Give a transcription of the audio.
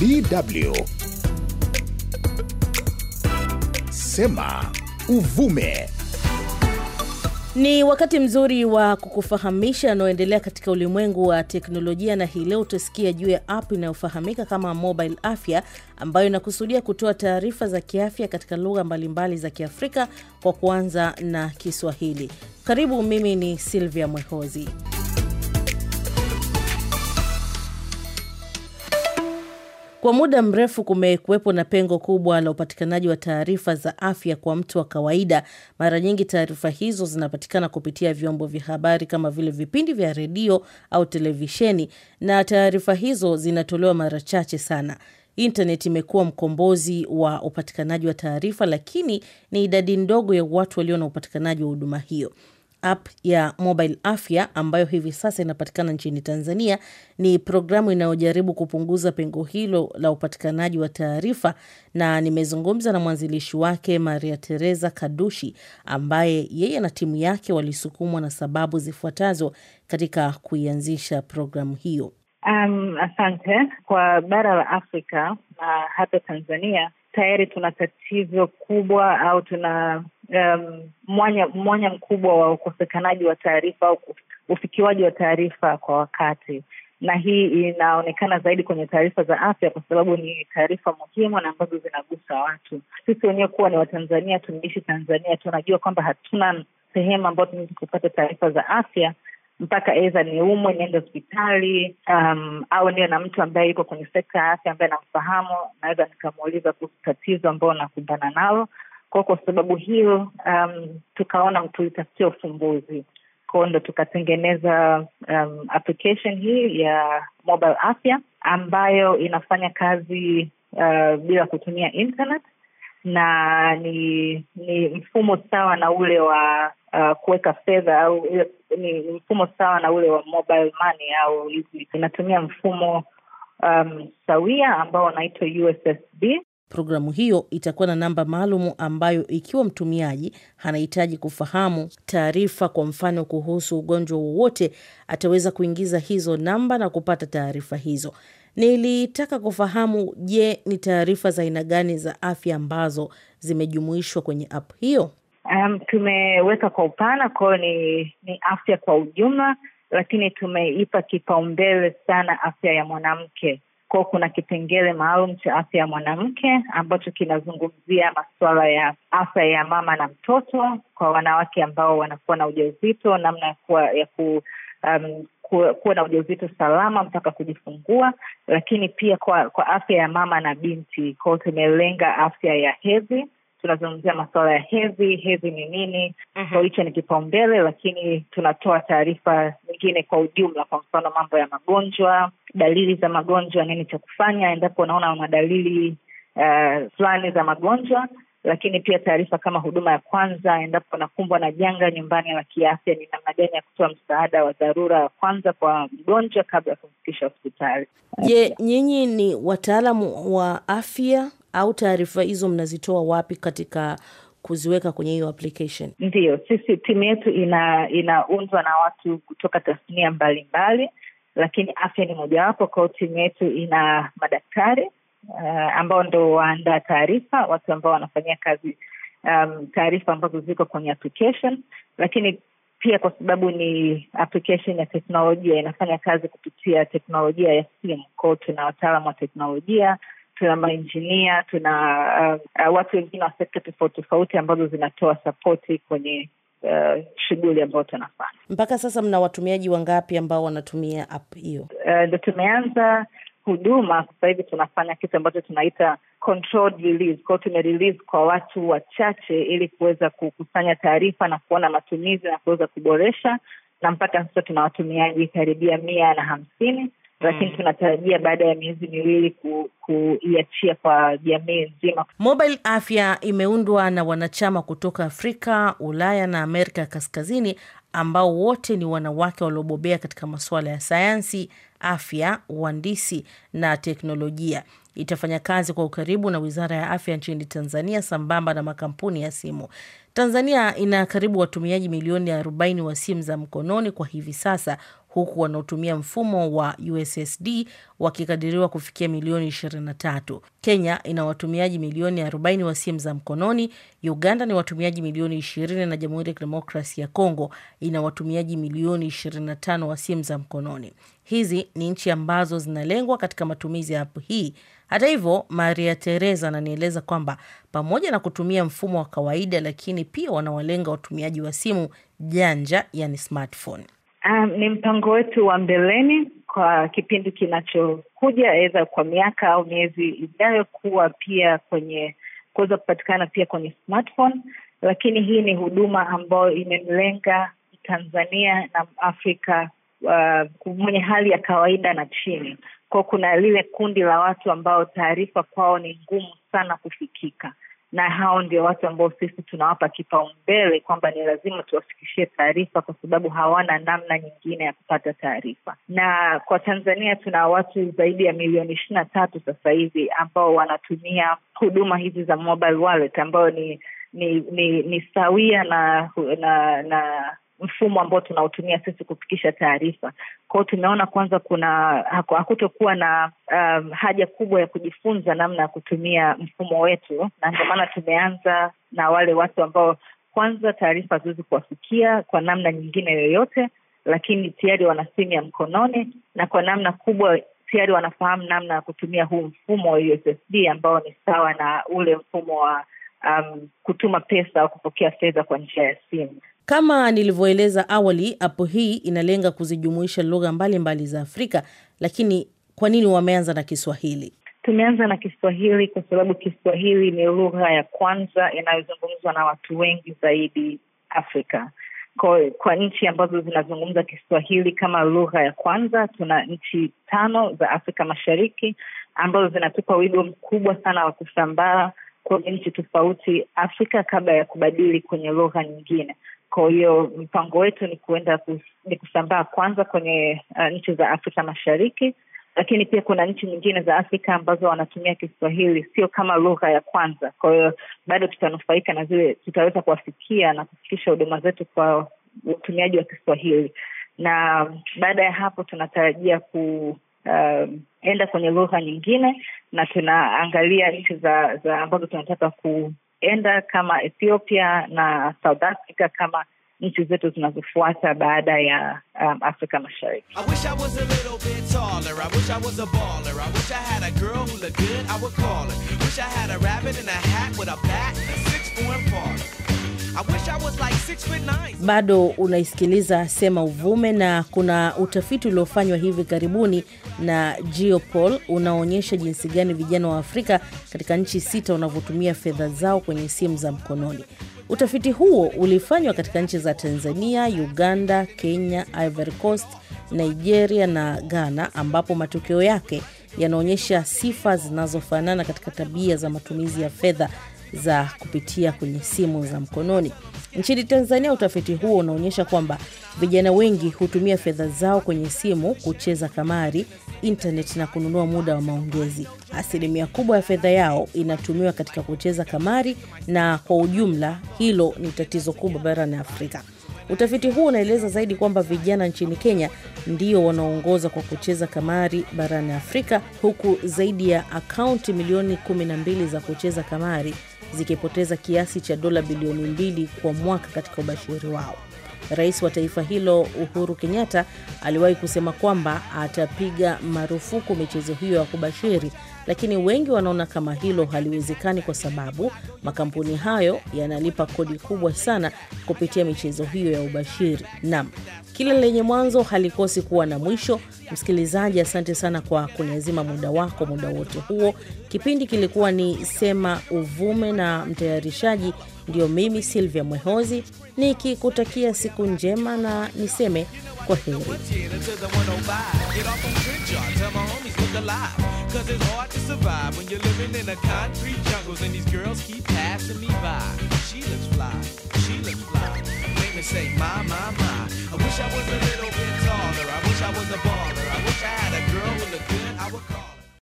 DW Sema Uvume. Ni wakati mzuri wa kukufahamisha yanayoendelea katika ulimwengu wa teknolojia, na hii leo utasikia juu ya app inayofahamika kama Mobile Afya ambayo inakusudia kutoa taarifa za kiafya katika lugha mbalimbali za Kiafrika kwa kuanza na Kiswahili. Karibu, mimi ni Silvia Mwehozi. Kwa muda mrefu kumekuwepo na pengo kubwa la upatikanaji wa taarifa za afya kwa mtu wa kawaida. Mara nyingi taarifa hizo zinapatikana kupitia vyombo vya habari kama vile vipindi vya redio au televisheni, na taarifa hizo zinatolewa mara chache sana. intaneti imekuwa mkombozi wa upatikanaji wa taarifa, lakini ni idadi ndogo ya watu walio na upatikanaji wa huduma hiyo app ya mobile afya ambayo hivi sasa inapatikana nchini Tanzania ni programu inayojaribu kupunguza pengo hilo la upatikanaji wa taarifa, na nimezungumza na mwanzilishi wake Maria Teresa Kadushi ambaye yeye na timu yake walisukumwa na sababu zifuatazo katika kuianzisha programu hiyo. Um, asante. Kwa bara la Afrika na uh, hata Tanzania tayari tuna tatizo kubwa au tuna um, mwanya mwanya mkubwa wa ukosekanaji wa taarifa au ufikiwaji wa taarifa kwa wakati, na hii inaonekana zaidi kwenye taarifa za afya, kwa sababu ni taarifa muhimu na ambazo zinagusa watu. Sisi wenyewe kuwa ni Watanzania, tunaishi Tanzania, tunajua kwamba hatuna sehemu ambayo tunaweza kupata taarifa za afya mpaka ni umwe niende hospitali um, au niwe na mtu ambaye yuko kwenye sekta ya afya ambaye namfahamu, naweza nikamuuliza kuhusu tatizo ambao nakumbana nalo, Kwao kwa sababu hiyo, um, tukaona tulitafutia ufumbuzi kwao, ndo tukatengeneza um, application hii ya mobile afya ambayo inafanya kazi uh, bila kutumia internet na ni ni mfumo sawa na ule wa uh, kuweka fedha au ni mfumo sawa na ule wa mobile money au hizi, inatumia mfumo um, sawia ambao unaitwa USSD Programu hiyo itakuwa na namba maalum ambayo ikiwa mtumiaji anahitaji kufahamu taarifa, kwa mfano kuhusu ugonjwa wowote, ataweza kuingiza hizo namba na kupata taarifa hizo. Nilitaka kufahamu, je, ni taarifa za aina gani za afya ambazo zimejumuishwa kwenye app hiyo? Um, tumeweka kwa upana, kwao ni, ni afya kwa ujumla, lakini tumeipa kipaumbele sana afya ya mwanamke kwao kuna kipengele maalum cha afya ya mwanamke ambacho kinazungumzia masuala ya afya ya mama na mtoto kwa wanawake ambao wanakuwa na ujauzito, namna ya kuwa ya ku um, kuwa na ujauzito salama mpaka kujifungua, lakini pia kwa kwa afya ya mama na binti kwao tumelenga afya ya hedhi tunazungumzia masuala ya hedhi, hedhi ni nini? -huh. Mhm. hicho ni kipaumbele, lakini tunatoa taarifa nyingine kwa ujumla, kwa mfano mambo ya magonjwa, dalili za magonjwa, nini cha kufanya endapo unaona una dalili eh, fulani uh, za magonjwa lakini pia taarifa kama huduma ya kwanza endapo unakumbwa na janga nyumbani la kiafya, ni namna gani ya kutoa msaada wa dharura wa kwanza kwa mgonjwa kabla ya kumfikisha hospitali. Je, nyinyi ni wataalamu wa afya au taarifa hizo mnazitoa wapi katika kuziweka kwenye hiyo application? Ndiyo, sisi timu yetu inaundwa ina na watu kutoka tasnia mbalimbali, lakini afya ni mojawapo. kwao timu yetu ina madaktari uh, ambao ndo waandaa taarifa, watu ambao wanafanyia kazi um, taarifa ambazo ziko kwenye application, lakini pia kwa sababu ni application ya teknolojia, inafanya kazi kupitia teknolojia ya simu. Kwao tuna wataalamu wa teknolojia tuna mainjinia, tuna uh, uh, watu wengine wa sekta tofauti tofauti ambazo zinatoa sapoti kwenye Uh, shughuli ambayo tunafanya mpaka sasa. Mna watumiaji wangapi ambao wanatumia app hiyo? Ndo uh, tumeanza huduma sasa hivi, tunafanya kitu ambacho tunaita controlled release. Kwao tumerelease kwa watu wachache, ili kuweza kukusanya taarifa na kuona matumizi na kuweza kuboresha, na mpaka sasa tuna watumiaji karibia mia na hamsini lakini mm. tunatarajia baada ya miezi miwili kuiachia ku, kwa jamii nzima. Mobile Afya imeundwa na wanachama kutoka Afrika, Ulaya na Amerika ya Kaskazini ambao wote ni wanawake waliobobea katika masuala ya sayansi, afya, uhandisi na teknolojia. Itafanya kazi kwa ukaribu na Wizara ya Afya nchini Tanzania sambamba na makampuni ya simu. Tanzania ina karibu watumiaji milioni 40 wa simu za mkononi kwa hivi sasa, huku wanaotumia mfumo wa USSD wakikadiriwa kufikia milioni 23. Kenya ina watumiaji milioni 40 wa simu za mkononi, Uganda ni watumiaji milioni 20 na Jamhuri ya Kidemokrasi ya Kongo ina watumiaji milioni 25 wa simu za mkononi. Hizi ni nchi ambazo zinalengwa katika matumizi ya app hii. Hata hivyo, Maria Teresa ananieleza kwamba pamoja na kutumia mfumo wa kawaida, lakini pia wanawalenga watumiaji wa simu janja, yani smartphone. Um, ni mpango wetu wa mbeleni kwa kipindi kinachokuja, aidha kwa miaka au miezi ijayo, kuwa pia kwenye kuweza kupatikana pia kwenye smartphone, lakini hii ni huduma ambayo imemlenga Tanzania na Afrika uh, mwenye hali ya kawaida na chini kwao. Kuna lile kundi la watu ambao taarifa kwao ni ngumu sana kufikika na hao ndio watu ambao sisi tunawapa kipaumbele kwamba ni lazima tuwafikishie taarifa, kwa sababu hawana namna nyingine ya kupata taarifa. Na kwa Tanzania tuna watu zaidi ya milioni ishirini na tatu sasa hivi ambao wanatumia huduma hizi za mobile wallet ambayo ni ni ni, ni sawia na na na mfumo ambao tunautumia sisi kufikisha taarifa. Kwao tumeona kwanza kuna hakutokuwa na um, haja kubwa ya kujifunza namna ya kutumia mfumo wetu, na ndio maana tumeanza na wale watu ambao kwanza taarifa haziwezi kuwafikia kwa namna nyingine yoyote, lakini tayari wana simu ya mkononi na kwa namna kubwa tayari wanafahamu namna ya kutumia huu mfumo wa USSD ambao ni sawa na ule mfumo wa um, kutuma pesa au kupokea fedha kwa njia ya simu. Kama nilivyoeleza awali, ap hii inalenga kuzijumuisha lugha mbalimbali za Afrika, lakini kwa nini wameanza na Kiswahili? Tumeanza na Kiswahili kwa sababu Kiswahili ni lugha ya kwanza inayozungumzwa na watu wengi zaidi Afrika. Kwa, kwa nchi ambazo zinazungumza Kiswahili kama lugha ya kwanza, tuna nchi tano za Afrika Mashariki ambazo zinatupa wigo mkubwa sana wa kusambaa kwenye nchi tofauti Afrika kabla ya kubadili kwenye lugha nyingine. Kwa hiyo mpango wetu ni kuenda kus, ni kusambaa kwanza kwenye uh, nchi za Afrika Mashariki, lakini pia kuna nchi nyingine za Afrika ambazo wanatumia Kiswahili sio kama lugha ya kwanza. Kwa hiyo bado tutanufaika na zile, tutaweza kuwafikia na kufikisha huduma zetu kwa utumiaji wa Kiswahili, na baada ya hapo tunatarajia ku um, enda uh, kwenye lugha nyingine, na tunaangalia nchi za, za ambazo tunataka ku enda kama Ethiopia na South Africa kama nchi zetu zinazofuata baada ya um, Afrika Mashariki. Bado unaisikiliza Sema Uvume, na kuna utafiti uliofanywa hivi karibuni na Geopol unaonyesha jinsi gani vijana wa Afrika katika nchi sita wanavyotumia fedha zao kwenye simu za mkononi. Utafiti huo ulifanywa katika nchi za Tanzania, Uganda, Kenya, Ivory Coast, Nigeria na Ghana, ambapo matokeo yake yanaonyesha sifa zinazofanana katika tabia za matumizi ya fedha za kupitia kwenye simu za mkononi. Nchini Tanzania, utafiti huo unaonyesha kwamba vijana wengi hutumia fedha zao kwenye simu kucheza kamari, intaneti na kununua muda wa maongezi. Asilimia kubwa ya fedha yao inatumiwa katika kucheza kamari, na kwa ujumla hilo ni tatizo kubwa barani Afrika. Utafiti huu unaeleza zaidi kwamba vijana nchini Kenya ndio wanaongoza kwa kucheza kamari barani Afrika, huku zaidi ya akaunti milioni 12 za kucheza kamari zikipoteza kiasi cha dola bilioni mbili kwa mwaka katika ubashiri wao. Rais wa taifa hilo Uhuru Kenyatta aliwahi kusema kwamba atapiga marufuku michezo hiyo ya kubashiri lakini wengi wanaona kama hilo haliwezekani kwa sababu makampuni hayo yanalipa kodi kubwa sana kupitia michezo hiyo ya ubashiri. nam kila lenye mwanzo halikosi kuwa na mwisho. Msikilizaji, asante sana kwa kuniazima muda wako muda wote huo. Kipindi kilikuwa ni Sema Uvume na mtayarishaji ndio mimi Silvia Mwehozi nikikutakia siku njema na niseme kwa heri.